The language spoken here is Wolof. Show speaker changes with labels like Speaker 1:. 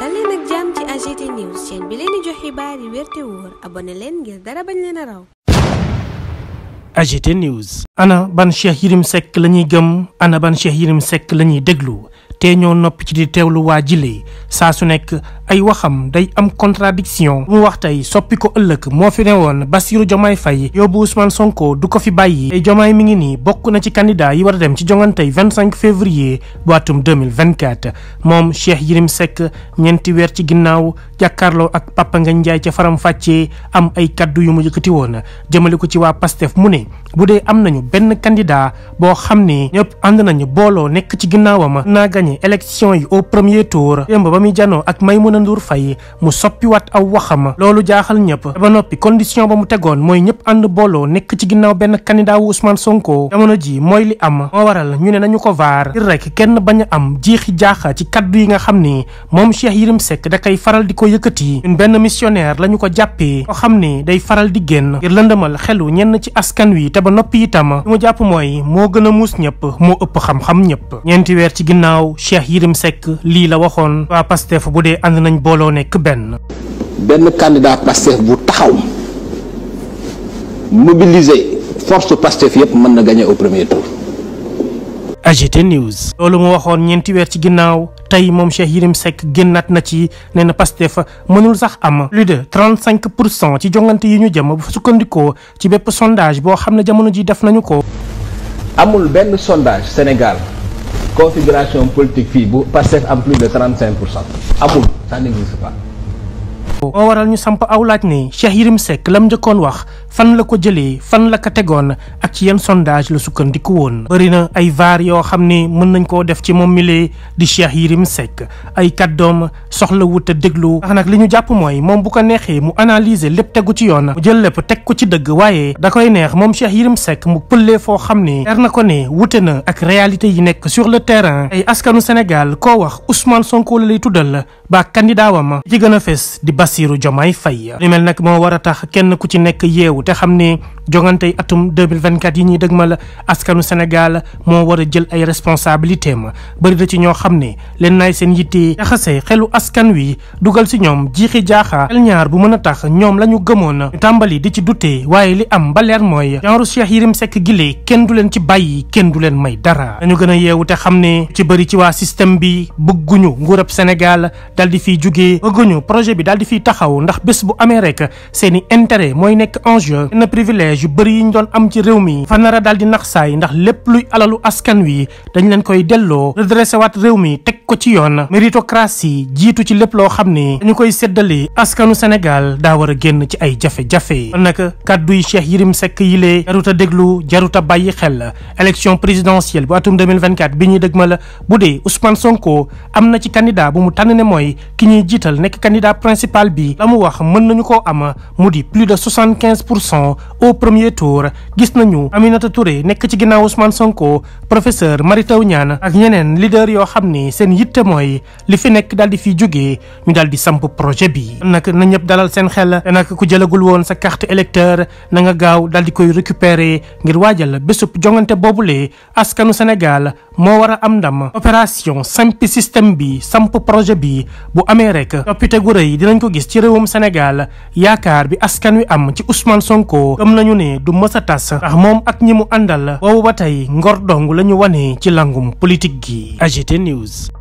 Speaker 1: dal leen ak jàmm ci AGT news chaîne bi leen di jox xibaar yi wér te wóor abonné leen ngir dara bañ leen a raw. AGT news. ana ban Cheikh Yérim Seck la ñuy gëm ana ban Cheikh Yérim Seck la ñuy déglu. te ñoo noppi ci di teewlu waa jile yi saa su nekk ay waxam day am contradiction mu wax tey soppi ko ëllëg moo fi newoon Bassirou Diomaye Faye yóbbu Ousmane Sonko du ko fi bàyyi tey Diomaye mi ngi nii bokk na ci candidat yi war a dem ci jongantey 25 février bu atum 2024 moom Cheikh Yirim Seck ñeenti weer ci ginnaaw jàkkaarloo ak Papa nga njaay ca Faram Facce am ay kaddu yu mu yëkkati woon jëmale ko ci waa Pastef mu ne bu dee am nañu benn candidat boo xam ne ñëpp ne élection yi au premier tour démb ba muy janoo ak Maimouna Ndour Faye mu soppiwaat aw waxama loolu jaaxal ñëpp ba noppi condition ba mu tegoon mooy ñëpp ànd booloo nekk ci ginnaaw benn candidat wu Ousmane Sonko jamono ji mooy li am moo waral ñu ne nañu ko vaar ngir rek kenn bañ a am jiixi jaaxa ci kaddu yi nga xam ni moom Cheikh Yérim Seck da koy faral di ko yëkkati ñun benn missionnaire la ko jàppee xam ni day faral di génn ngir lëndëmal xelu ñenn ci askan wi te ba noppi itam li mu jàpp mooy moo gën a muus ñëpp moo ëpp xam-xam ñëpp ñeenti weer ci ginnaaw Cheikh Yérim sekk lii la waxoon waa Pastef bu dee ànd nañ booloo nekk benn. benn candidat Pastef bu taxaw mobiliser force Pastef yëpp mën na gagner au premier tour. AGT News. loolu mu waxoon ñeenti weer ci ginnaaw tey moom Cheikh Yérim sekk génnaat na ci nee na fa mënul sax am plus de 35 pour cent ci jongante yi ñu jëm bu fa sukkandikoo ci bépp sondage boo xam ne jamono ji def nañu ko. amul benn sondage Sénégal. configuration politique fii bu Pastef am plus de trente cinq pour cent amul ça n'existe pas moo waral ñu samp aw laaj ne Cheikh Yérim Seck lam njëkkoon wax fan la ko jëlee fan la ko tegoon ak ci yenn sondage la sukkandiku woon. bëri na ay vaar yoo xam ne mën nañ koo def ci moom milee di Cheikh Yérim Seck ay kàddoom soxla wut a déglu. ndax nag li ñu jàpp mooy moom bu ko neexee mu analyser lépp tegu ci yoon. mu jël lépp teg ko ci dëgg waaye da koy neex moom Cheikh Yérim sekk mu pëllee foo xam ni leer na ko ne wute na ak réalité yi nekk sur le terrain. ay askanu Sénégal koo wax Ousmane Sonko la lay tuddal la ba candidat wam ci gën a fes di Bassirou Diomaye Faye. mel nag moo war a tax kenn ku ci nekk yeewu te xam ne jongantey atum 2024 yi ñuy dëgmal askanu Sénégal moo war a jël ay responsabilité ma bëri na ci ñoo xam ne leen naay seen yitte jaxase xelu askan wi dugal si ñoom jiixi jaaxa xel ñaar bu mën a tax ñoom la ñu gëmoon ñu tàmbali di ci dute waaye li am ba leer mooy genre Cheikh Yérim Seck gile kenn du leen ci bàyyi kenn du leen may dara dañu gën a yeewu te xam ne ci bëri ci waa système bi bëgguñu nguurab Sénégal dal di fiy jugee bëgguñu projet bi daal di fiy taxaw ndax bés bu amee rek seen i intérêt mooy nekk enjeu na privilège privilège yu bëri yi ñu doon am ci réew mi fa nar a daal di nax saay ndax lépp luy alalu askan wi dañ leen koy delloo redressé waat réew mi teg ko ci yoon méritocratie jiitu ci lépp loo xam ni dañu koy séddale askanu Sénégal daa war a génn ci ay jafe-jafe kon nag kàddu yi Cheikh Yérim Seck yile jaruta déglu jaruta bàyyi xel élection présidentielle bu atum bi ñuy dëgmal bu dee Ousmane Sonko am na ci candidat bu mu tànn ne mooy ki ñuy jiital nekk candidat principal bi la mu premier tour gis nañu Aminata Touré nekk ci ginnaaw Ousmane Sonko professeur Mary Teuw Niane ak ñeneen leader yoo xam ni seen yitte mooy li fi nekk daal di fiy jógee ñu daal di samp projet bi nag na ñëpp dalal seen xel nag ku jëlagul woon sa carte électeur na nga gaaw daal di koy récupérer ngir waajal bésub jongante boobule askanu Sénégal moo war a am ndam opération simpi système bi samp projet bi bu amee rek toppite gu rëy dinañ ko gis ci réewum Sénégal yaakaar bi askan wi am ci Ousmane Sonko am nañu ñu ne du mës a tas ndax moom ak ñi mu àndal boobu ba tey ngor dong la ñu wane ci langum politique gi AGT News